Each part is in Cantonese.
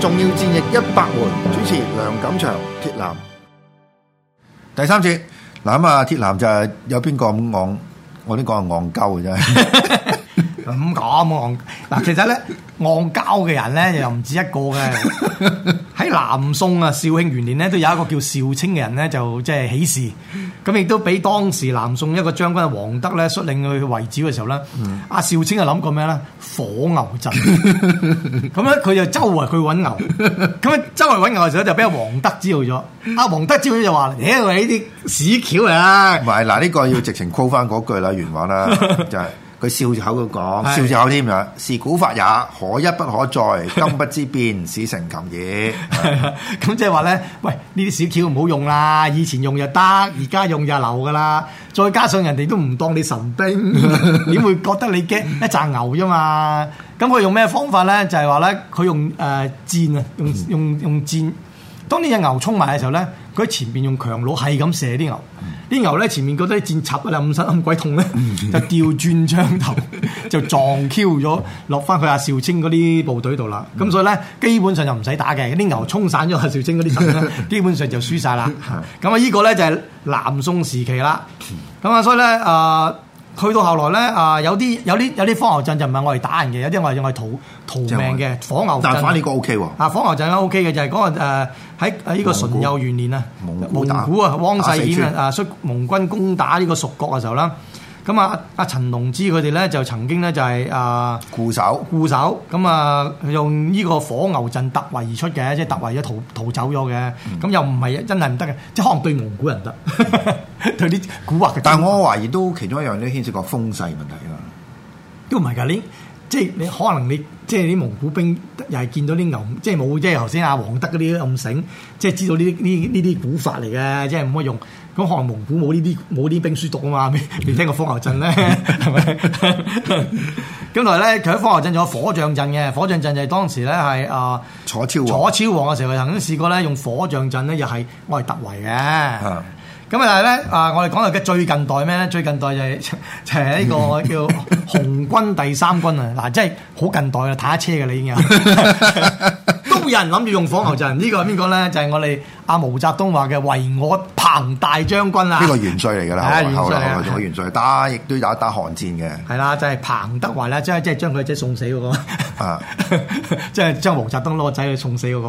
重要戰役一百回，主持梁錦祥鐵男。第三節。嗱，咁啊，鐵男就係有邊個咁戇？我呢個係戇鳩嘅，真係咁戇。嗱， 其實咧，戇鳩嘅人咧，又唔止一個嘅。喺 南宋啊，紹興元年咧，都有一個叫邵清嘅人咧，就即係起事。咁亦都俾當時南宋一個將軍阿王德咧率領去圍剿嘅時候咧，阿邵、嗯啊、青就諗過咩咧？火牛陣，咁咧佢就周圍去揾牛，咁 樣周圍揾牛嘅時候就俾阿王德知道咗，阿王德知道，德知道就話：誒、欸，呢啲屎橋啦！唔係，嗱呢個要直情 call 翻嗰句啦，原話啦，就係。 佢笑住口咁講，笑住口添樣。是古法也，可一不可再，今不知變，史 成擒矣。咁即係話咧，喂，呢啲小橋唔好用啦。以前用又得，而家用又流噶啦。再加上人哋都唔當你神兵，點 會覺得你驚一羣牛啫嘛。咁 佢 用咩方法咧？就係話咧，佢用誒、呃、箭啊，用用用箭。當呢隻牛衝埋嘅時候咧。佢前面用強弩係咁射啲牛，啲牛咧前面覺得箭插啊，暗身暗鬼痛咧， 就調轉槍頭就撞 Q 咗落翻去阿邵青嗰啲部隊度啦。咁 所以咧，基本上就唔使打嘅，啲牛沖散咗阿邵青嗰啲人，基本上就， 本上就輸晒啦。咁啊， 依個咧就係、是、南宋時期啦。咁啊，所以咧啊。呃去到後來呢，啊、呃、有啲有啲有啲火牛陣就唔係我哋打人嘅，有啲我哋我逃逃命嘅火牛。但係反而個 O K 喎。啊火牛陣 O K 嘅，就係、是、嗰、那個喺呢、呃、個淳祐元年啊蒙古啊汪世顯啊率出蒙軍攻打呢個蜀國嘅時候啦。咁啊，阿陳龍之佢哋咧就曾經咧就係、是、啊，固守固守，咁啊用呢個火牛陣突圍而出嘅，即係突圍咗逃逃走咗嘅，咁、嗯、又唔係真係唔得嘅，即係可能對蒙古人得， 對啲古惑嘅。但係我懷疑都其中一樣都牽涉過風勢問題啊，都唔係㗎，你即係你可能你即係啲蒙古兵又係見到啲牛，即係冇即係頭先阿黃德嗰啲咁醒，即係知道呢啲呢啲古法嚟嘅，即係冇乜用。咁可能蒙古冇呢啲冇啲兵書讀啊嘛，未聽過火牛陣咧，係咪？ 咁嚟咧，佢火牛陣仲有火象陣嘅，火象陣就係當時咧係啊楚超王楚超王嘅時候曾經試過咧用火象陣咧，又係愛突圍嘅。咁啊，但係咧啊，我哋講到嘅最近代咩？最近代就係、是、就係、是、呢個叫紅軍第三軍啊！嗱， 真係好近代啊，坦克車嘅你已經有。 有人諗住用火牛陣，呢 個係邊個咧？就係我哋阿毛澤東話嘅唯我彭大將軍啦。呢、那個元帥嚟噶啦，係元帥啊，仲係元帥。打亦都有一打韓戰嘅。係啦，就係彭德懷咧，即係即係將佢即係送死嗰，那個。啊，即係將毛澤東攞個仔去送死嗰個。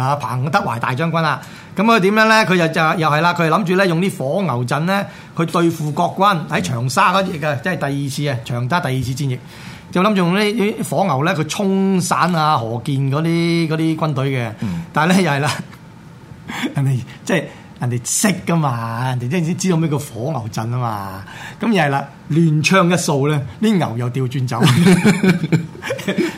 啊，彭德懷大將軍啦、啊。咁佢點樣咧？佢就就又係啦。佢諗住咧用啲火牛陣咧去對付國軍喺長沙嗰役嘅，即係第二次啊長沙第二次戰役。就諗住用呢啲火牛咧，佢沖散啊何建嗰啲嗰啲軍隊嘅，嗯、但係咧又係啦，人哋即係人哋識噶嘛，人哋即係先知道咩叫火牛陣啊嘛，咁又係啦，亂槍一掃咧，啲牛又掉轉走。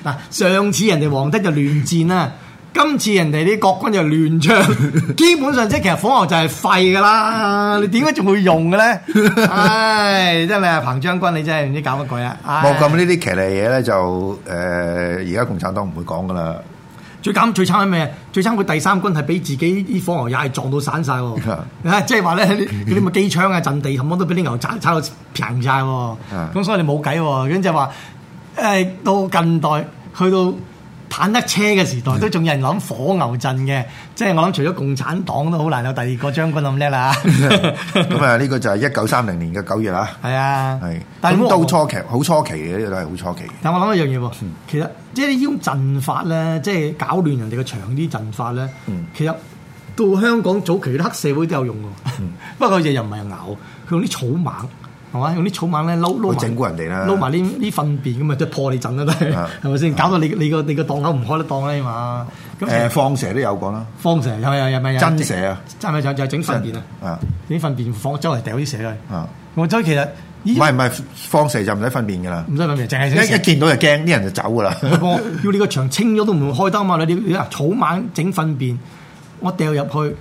嗱， 上次人哋皇帝就亂戰啦、啊。今次人哋啲國軍就亂槍，基本上即係其實火牛就係廢噶啦，你點解仲會用嘅咧？唉，真係彭將軍，你真係唔知搞乜鬼啊！冇咁呢啲騎呢嘢咧，就誒而家共產黨唔會講噶啦。最慘最慘係咩？最慘佢第三軍係俾自己啲火牛也係撞到散晒啊！即係話咧，嗰啲咪機槍啊、陣地冚都俾啲牛踩到平曬。咁、啊、所以你冇計，咁就話誒、哎、到近代去到。坦克車嘅時代都仲有人諗火牛陣嘅，即係我諗除咗共產黨都好難有第二個將軍咁叻啦。咁啊，呢個就係一九三零年嘅九月啦。係啊，係。但到初期好初期嘅呢個都係好初期。初期初期，但我諗一樣嘢喎，其實即係呢種陣法咧，即係搞亂人哋嘅場啲陣法咧，嗯、其實到香港早期啲黑社會都有用嘅。嗯、 不過佢哋又唔係牛，佢用啲草蜢。係用啲草蜢咧，撈撈整蠱人哋啦，撈埋呢呢糞便咁啊，即係破你陣啦都係，係咪先？搞到你你個你個檔口唔開得檔啦，起碼咁誒放蛇都有講啦，放蛇有又有咪有真蛇啊？真咪就就整糞便啊？啊！啲糞便放周圍掉啲蛇啦。啊！我所以其實唔係唔係放蛇就唔使糞便噶啦，唔使糞便，淨係一一見到就驚，啲人就走噶啦。要你個場清咗都唔會開燈嘛？你你草蜢整糞便，我掉入去。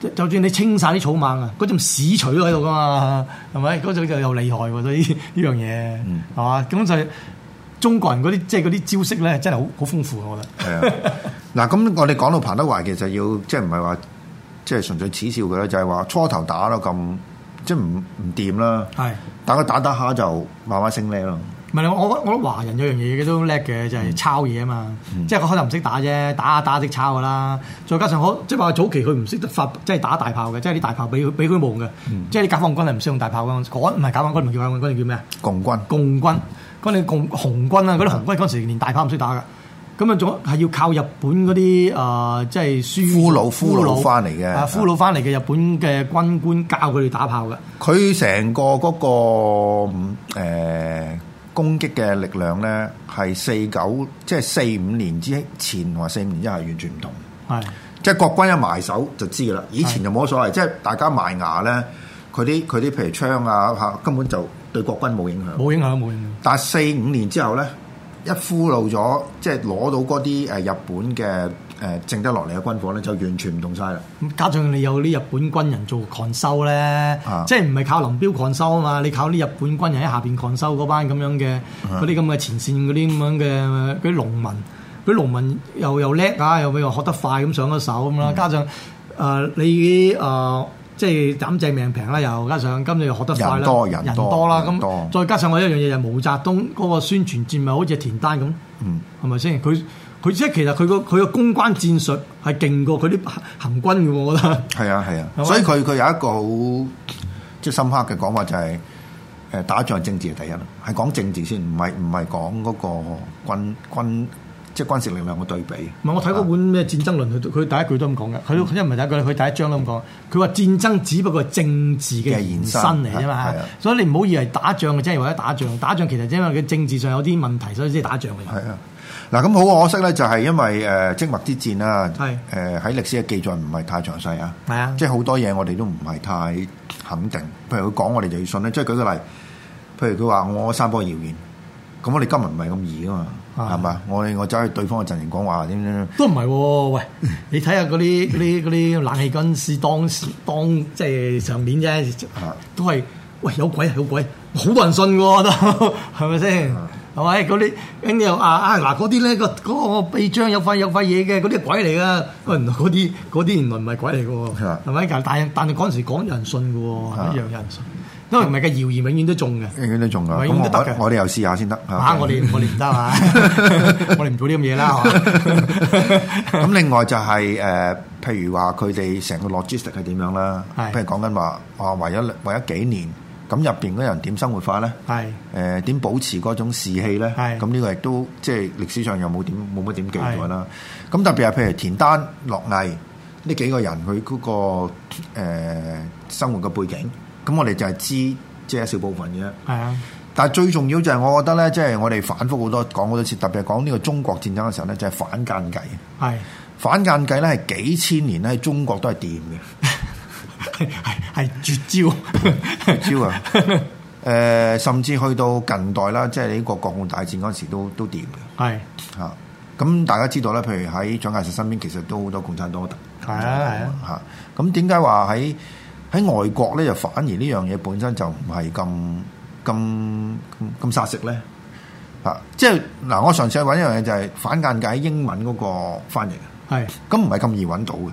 就算你清晒啲草蜢啊，嗰陣屎除喺度噶嘛，係咪？嗰種就又厲害喎，所以呢樣嘢係嘛？咁、嗯、就係中國人嗰啲即係嗰啲招式咧，真係好好豐富，我覺得。係、嗯、 啊，嗱，咁我哋講到彭德懷，其實要即係唔係話即係純粹恥笑佢咧，就係、是、話初頭打到咁即係唔唔掂啦，但係佢打一打下就慢慢升呢咯。我我覺得華人有樣嘢嘅都叻嘅，就係、是、抄嘢啊嘛。嗯、即係佢可能唔識打啫，打打識抄噶啦。再加上我，即係話早期佢唔識得發，即係打大炮嘅，即係啲大炮俾佢俾佢用嘅。嗯、即係啲解放軍係唔識用大炮嘅。唔係解放軍，唔叫解放軍，嗰陣叫咩啊？共軍，共軍。共軍嗰啲共紅軍啊，嗰啲、嗯、紅軍嗰陣時連大炮唔識打嘅，咁啊仲係要靠日本嗰啲、呃、老啊，即係俘虜俘虜翻嚟嘅俘虜翻嚟嘅日本嘅軍官教佢哋打炮嘅。佢成個嗰、嗰個、嗯呃嗯攻擊嘅力量咧，係四九即係四五年之前同埋四五年之後完全唔同。係是的 即係國軍一埋手就知噶啦，以前就冇乜所謂，是的 即係大家埋牙咧，佢啲佢啲譬如槍啊嚇，根本就對國軍冇影響。冇影響冇影響。但係四五年之後咧，一俘虜咗，即係攞到嗰啲誒日本嘅。誒淨得落嚟嘅軍火咧，就完全唔同晒啦。加上你有啲日本軍人做抗修咧，啊、即係唔係靠林彪抗修啊嘛？你靠啲日本軍人喺下邊抗修嗰班咁樣嘅，嗰啲咁嘅前線嗰啲咁樣嘅嗰啲農民，嗰啲、啊、農民又又叻啊，又譬如學得快咁上咗手咁啦。加上誒你誒即係斬賬命平啦，又加上今日又學得快啦，人多人多啦，咁再加上我一樣嘢，就毛澤東嗰、嗰個宣傳戰，咪好似田單咁，係咪先？佢、嗯佢即係其實佢個佢個公關戰術係勁過佢啲行軍嘅，我覺得。係啊係啊，啊 所以佢佢有一個好即係深刻嘅講法，就係，就係誒打仗係政治嘅第一，係講政治先，唔係唔係講嗰個軍軍即係軍事力量嘅對比。唔係我睇嗰本咩戰爭論，佢佢第一句都咁講嘅。佢因為唔係第一句，佢第一章都咁講。佢話，嗯、戰爭只不過係政治嘅延伸嚟啫嘛，啊啊、所以你唔好以為打仗嘅即係為咗打仗，打仗其實因為佢政治上有啲問題，所以先打仗嘅。係啊。嗱咁、啊、好可惜咧，就係因為誒即墨之戰啦，誒喺是、呃、歷史嘅記載唔係太詳細啊，即係好多嘢我哋都唔係太肯定。譬如佢講，我哋就要信咧。即係舉個例，譬如佢話我散播謠言，咁我哋今日唔係咁易噶嘛，係嘛是？我我走去對方嘅陣營講話點點點，怎樣怎樣都唔係喎。喂，你睇下嗰啲啲啲冷氣軍師，當時當即係上面啫，都係的喂有鬼有鬼，好多人信喎都係咪先？ 係咪啲你又啊啊嗱嗰啲咧個嗰個臂章有塊有塊嘢嘅嗰啲鬼嚟㗎？嗰啲嗰啲原來唔係鬼嚟㗎喎，咪吧？ 但但係嗰陣時講人信㗎喎，吧一樣有人信，因為唔係嘅謠言永遠都中嘅，永遠都中㗎，咁嘅。我哋又試下先得嚇，我哋我哋唔得啊，我哋唔做啲咁嘢啦。咁另外就係、是、誒、呃，譬如話佢哋成個 logistic 係點樣啦？是譬如講緊話啊，為咗為咗幾年。咁入邊嗰人點生活化咧？係誒點保持嗰種士氣咧？係咁呢個亦都即係歷史上又冇點冇乜點記載啦。咁特別係，譬如田單、樂毅呢幾個人佢嗰個誒生活嘅背景，咁我哋就係知即係一小部分啫。係啊，但係最重要就係我覺得咧，即係我哋反覆好多講好多次，特別係講呢個中國戰爭嘅時候咧，就係反間計。係反間計咧，係幾千年咧，喺中國都係掂嘅。係係絕招，絕招啊！誒，甚至去到近代啦，即係呢個國共大戰嗰時都都掂嘅。係吓，咁大家知道咧，譬如喺蔣介石身邊，其實都好多共產黨。係啊，係啊，吓，咁點解話喺喺外國咧，就反而呢樣嘢本身就唔係咁咁咁殺食咧？啊，即係嗱，我上次去揾一樣嘢就係反間計喺英文嗰個翻譯，係咁唔係咁易揾到嘅。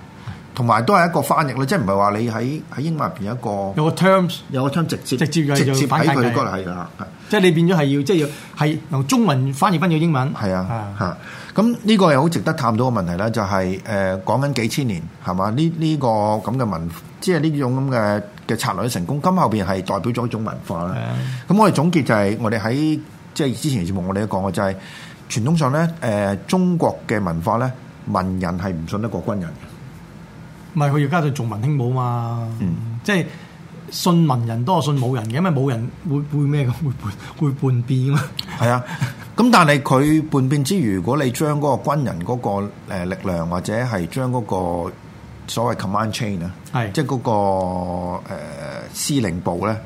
同埋都係一個翻譯咧，即係唔係話你喺喺英文入邊有一個有個 terms 有個 term 直接直接直接喺佢嘅嗰度係，即係你變咗係要即係要係由中文翻譯翻到英文。係啊嚇，咁呢個又好值得探討嘅問題咧，就係、是、誒、呃、講緊幾千年係嘛？呢呢個咁嘅文即係呢種咁嘅嘅策略成功，今後邊係代表咗一種文化啦。咁的我哋總結就係、是、我哋喺即係之前嘅節目我、就是，我哋都講過就係傳統上咧誒、呃、中國嘅文化咧，文人係唔信得過軍人。唔係佢而家就重文輕武嘛？嗯、即係信文人多，信武人嘅，因為武人會會咩嘅？會會，會，會叛變啊！係啊！咁但係佢叛變之餘，如果你將嗰個軍人嗰個力量，或者係將嗰個所謂 command chain 啊，係即係嗰個、呃、司令部咧，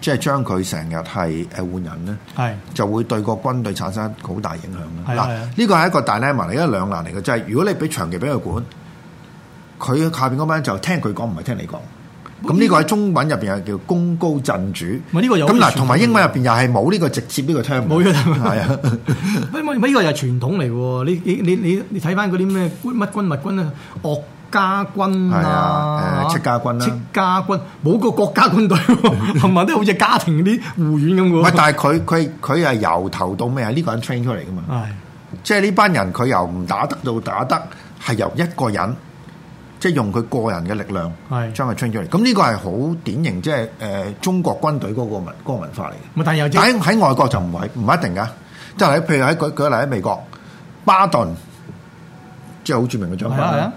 即係將佢成日係誒換人咧，係、啊、就會對個軍隊產生好大影響啦。嗱、啊，呢個係一個大 dilemma 嚟，一個兩難嚟嘅，就係、是、如果你俾長期俾佢管。佢下邊嗰班就聽佢講，唔係聽你講。咁呢這個喺中文入邊又叫功高震主。咁嗱，同埋英文入邊又係冇呢個直接呢個 term。冇嘅，係啊。乜乜呢個又係傳統嚟喎？你你你你睇翻嗰啲咩乜軍物軍啊？岳家軍啊，戚家軍啦，戚家軍冇、啊、個國家軍隊、啊，同埋的 都好似家庭啲護院咁喎？但係佢佢佢係由頭到尾，呢個人 train 出嚟噶嘛？係的， 即係呢班人佢由唔打得到打，打得係由一個人。即係用佢個人嘅力量將佢吹出嚟，咁呢個係好典型，即係誒中國軍隊嗰個文嗰個文化嚟嘅。但係喺外國就唔係唔一定噶，即係喺譬如喺舉舉例喺美國巴頓，即係好著名嘅將領。係啊，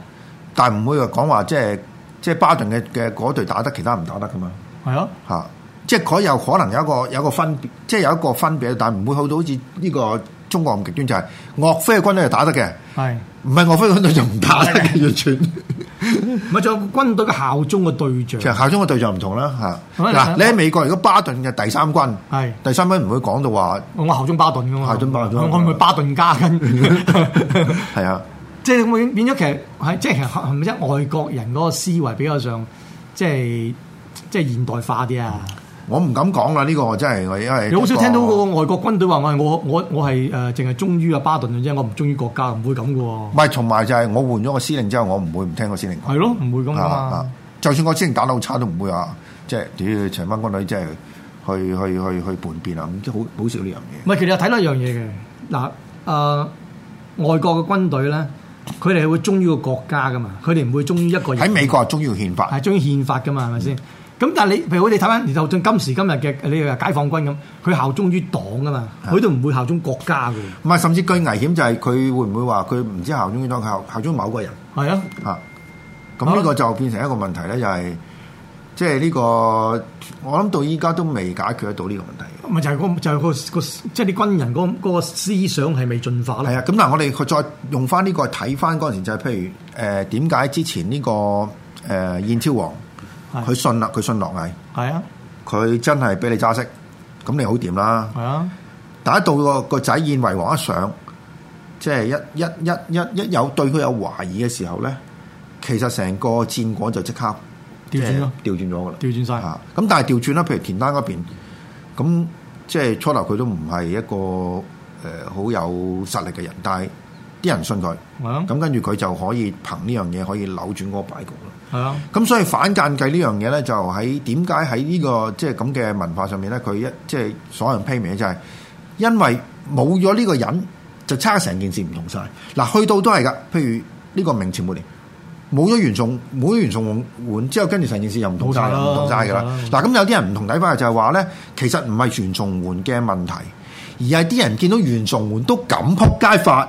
但係唔會話講話即係即係巴頓嘅嘅嗰隊打得，其他唔打得噶嘛。係啊，嚇，即係佢又可能有一個有一個分別，即係有一個分別，但係唔會好到好似呢個中國咁極端，就係岳飛嘅軍隊就打得嘅，係唔係岳飛嘅軍隊就唔打得嘅是的 完全。是的 唔係仲有軍隊嘅效忠嘅對象，其實效忠嘅對象唔同啦吓。嗱， 你喺美國，如果巴頓嘅第三軍，係是第三軍唔會講到話我效忠巴頓噶嘛，效忠巴頓，我唔係巴頓家根，係啊，即係會變咗，其實係即係係咪啫？外國人嗰個思維比較上，即係即係現代化啲啊。嗯我唔敢講啦，呢個真係因為你好少聽到個外國軍隊話我係我我我係誒，淨係忠於阿巴頓嘅啫，我唔忠於國家，唔會咁嘅喎。唔係，同埋就係我換咗個司令之後，我唔會唔聽個司令。係咯，唔會噶嘛。啊。就算我司令打得好差都唔會啊，即係屌長兵軍隊，即係去去去去叛變啊！咁即係好好少呢樣嘢。唔係，其實睇到一樣嘢嘅嗱誒，外國嘅軍隊咧，佢哋係會忠於個國家噶嘛，佢哋唔會忠於一個人。喺美國忠於憲法，係忠於憲法噶嘛，係咪先？咁但係你，譬如我哋睇翻而就像今時今日嘅你話解放軍咁，佢效忠於黨啊嘛，佢都唔會效忠國家嘅。唔係，甚至更危險就係佢會唔會話佢唔知效忠於黨，佢效忠某個人？係啊的，啊的，咁呢個就變成一個問題咧、就係，啊、就係即係呢個，我諗到依家都未解決得到呢個問題。唔係就係嗰、那個、就係、是那個即係啲軍人嗰、那個那個思想係未進化咧。係啊，咁嗱，我哋再用翻呢個睇翻嗰陣時就係、是，譬如誒點解之前呢、這個誒、呃、燕昭王？佢信啦，佢信樂毅。係啊，佢真係俾你揸識，咁你好掂啦。係啊，但一到個仔燕惠王一上，即係一一一一一,一,一對有對佢有懷疑嘅時候咧，其實成個戰果就即刻調轉咗，調轉咗噶啦，調轉晒。咁但係調轉啦。譬如田單嗰邊，咁即係初頭佢都唔係一個誒好呃有實力嘅人，但係。啲人信佢，咁跟住佢就可以憑呢樣嘢可以扭轉嗰個敗局啦。係啊的，咁、嗯、所以反間計呢樣嘢咧，就喺點解喺呢個即係咁嘅文化上面咧？佢一即係所有人批名，就係、是、因為冇咗呢個人，就差成件事唔同晒。嗱，去到都係噶，譬如呢個明朝末年冇咗袁崇冇咗袁崇煥之後，跟住成件事又唔同晒啦，唔同曬噶啦。嗱，咁有啲人唔同睇法就係話咧，其實唔係袁崇煥嘅問題，而係啲人見到袁崇煥都咁撲街法。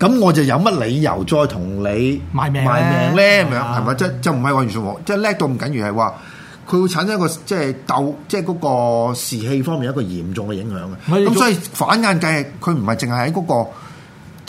咁我就有乜理由再同你賣命咧、啊？咁樣係咪？即係、啊、就唔係話完全冇，即係叻到唔緊要係話，佢會產生一個即係、就是、鬥，即係嗰個士氣方面一個嚴重嘅影響嘅。咁是所以反間計，佢唔係淨係喺嗰個。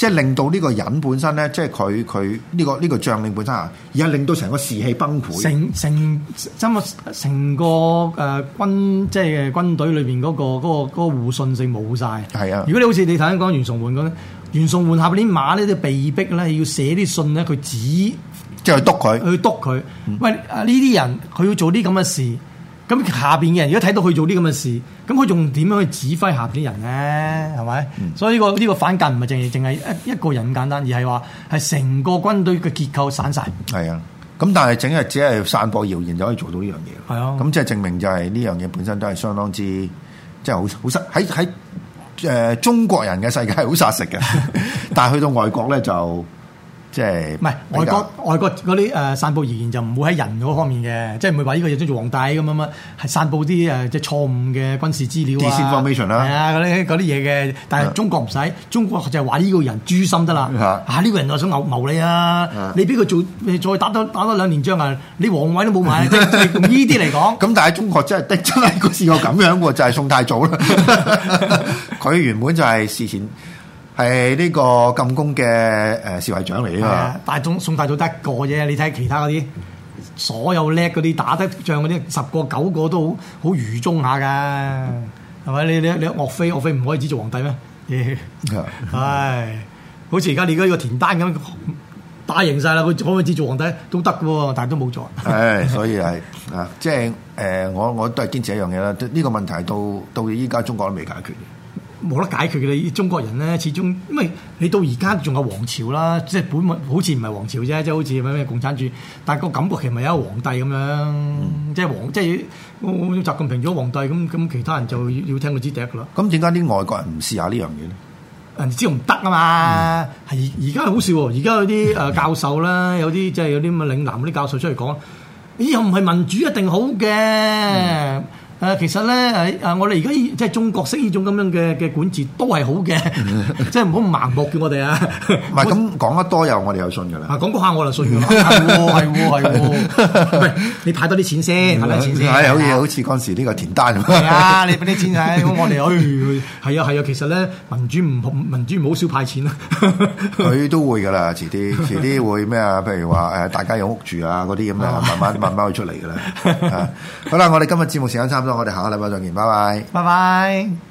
即係令到呢個人本身咧，即係佢佢呢個呢、呢個將領本身啊，而家令到成個士氣崩潰成。成成真啊！成個誒、呃、軍即係軍隊裏邊嗰個嗰互、嗰個嗰個嗰個、信性冇晒。係是啊！如果你好似你頭先講袁崇煥咁，袁崇煥下啲馬咧都被逼咧要寫啲信咧，佢指即係去督佢去督佢。嗯、喂！啊呢啲人佢要做啲咁嘅事。咁下邊嘅人如果睇到佢做啲咁嘅事，咁佢仲點樣去指揮下邊啲人咧？係咪？嗯、所以呢個呢個反間唔係淨係淨係一一個人咁簡單，而係話係成個軍隊嘅結構散晒。係啊，咁但係整日只係散播謠言就可以做到呢樣嘢。係啊，咁即係證明就係呢樣嘢本身都係相當之即係好好殺，喺喺誒中國人嘅世界係好殺食嘅， 但係去到外國咧就。即係唔係外國外國嗰啲誒散佈而言就唔會喺人嗰方面嘅，即係唔會話呢個嘢想做皇帝咁乜乜，係散佈啲誒即係錯誤嘅軍事資料啊，係 Desinformation 啊嗰啲嗰啲嘢嘅。但係中國唔使，中國就係話呢個人誅心得啦嚇，呢、啊啊呢個人我想牛謀你啊！啊你俾佢做再打多打多兩年仗啊，你皇位都冇埋。 用呢啲嚟講，咁 但係中國真係的出嚟冇試過咁樣喎，就係、是、宋太祖啦。佢 原本就係事前。係呢個禁宮嘅誒侍衛長嚟嘅嘛，大宋宋太祖得一個啫，你睇其他嗰啲，所有叻嗰啲打得仗嗰啲，十個九個都好愚忠下噶，係咪？你你你岳飛，岳飛唔可以只做皇帝咩？係 是， 好似而家你嗰個田單咁，打贏晒啦，佢可唔可以只做皇帝都得嘅？但係都冇做。係，所以係啊， 即係誒、呃，我我都係堅持一樣嘢啦，呢、這個問題到到而家中國都未解決。冇得解決嘅，你中國人咧始終，因為你到而家仲有皇朝啦，即係本來好似唔係皇朝啫，即係好似咩咩共產主義，但係個感覺其實咪一個皇帝咁樣，嗯、即係皇即係我習近平做皇帝咁，咁其他人就要要聽佢支笛噶啦。咁點解啲外國人唔試下呢樣嘢咧？人知唔得啊嘛，係而家好笑，而家有啲誒教授啦， 有啲即係有啲咁嘅嶺南啲教授出嚟講，咦、哎？唔係民主一定好嘅。嗯誒，其實咧，喺誒，我哋而家即係中國式依種咁樣嘅嘅管治都係好嘅， 即係唔好盲目叫我哋啊。唔係咁講得多又我哋有信噶啦。講嗰下我就信㗎啦。係你派多啲錢先係咪先係？好似好似嗰陣時呢個田單。係啊，你俾啲錢係，咁我哋又住。係啊係啊，其實咧民主唔民主唔好少派錢啦。佢都會㗎啦，遲啲遲啲會咩啊？譬如話誒，大家有屋住啊嗰啲咁啊，慢慢慢慢去出嚟㗎啦。好、啊、啦，我哋今日節目時間差唔多。我哋下個禮拜再見，拜拜，拜拜。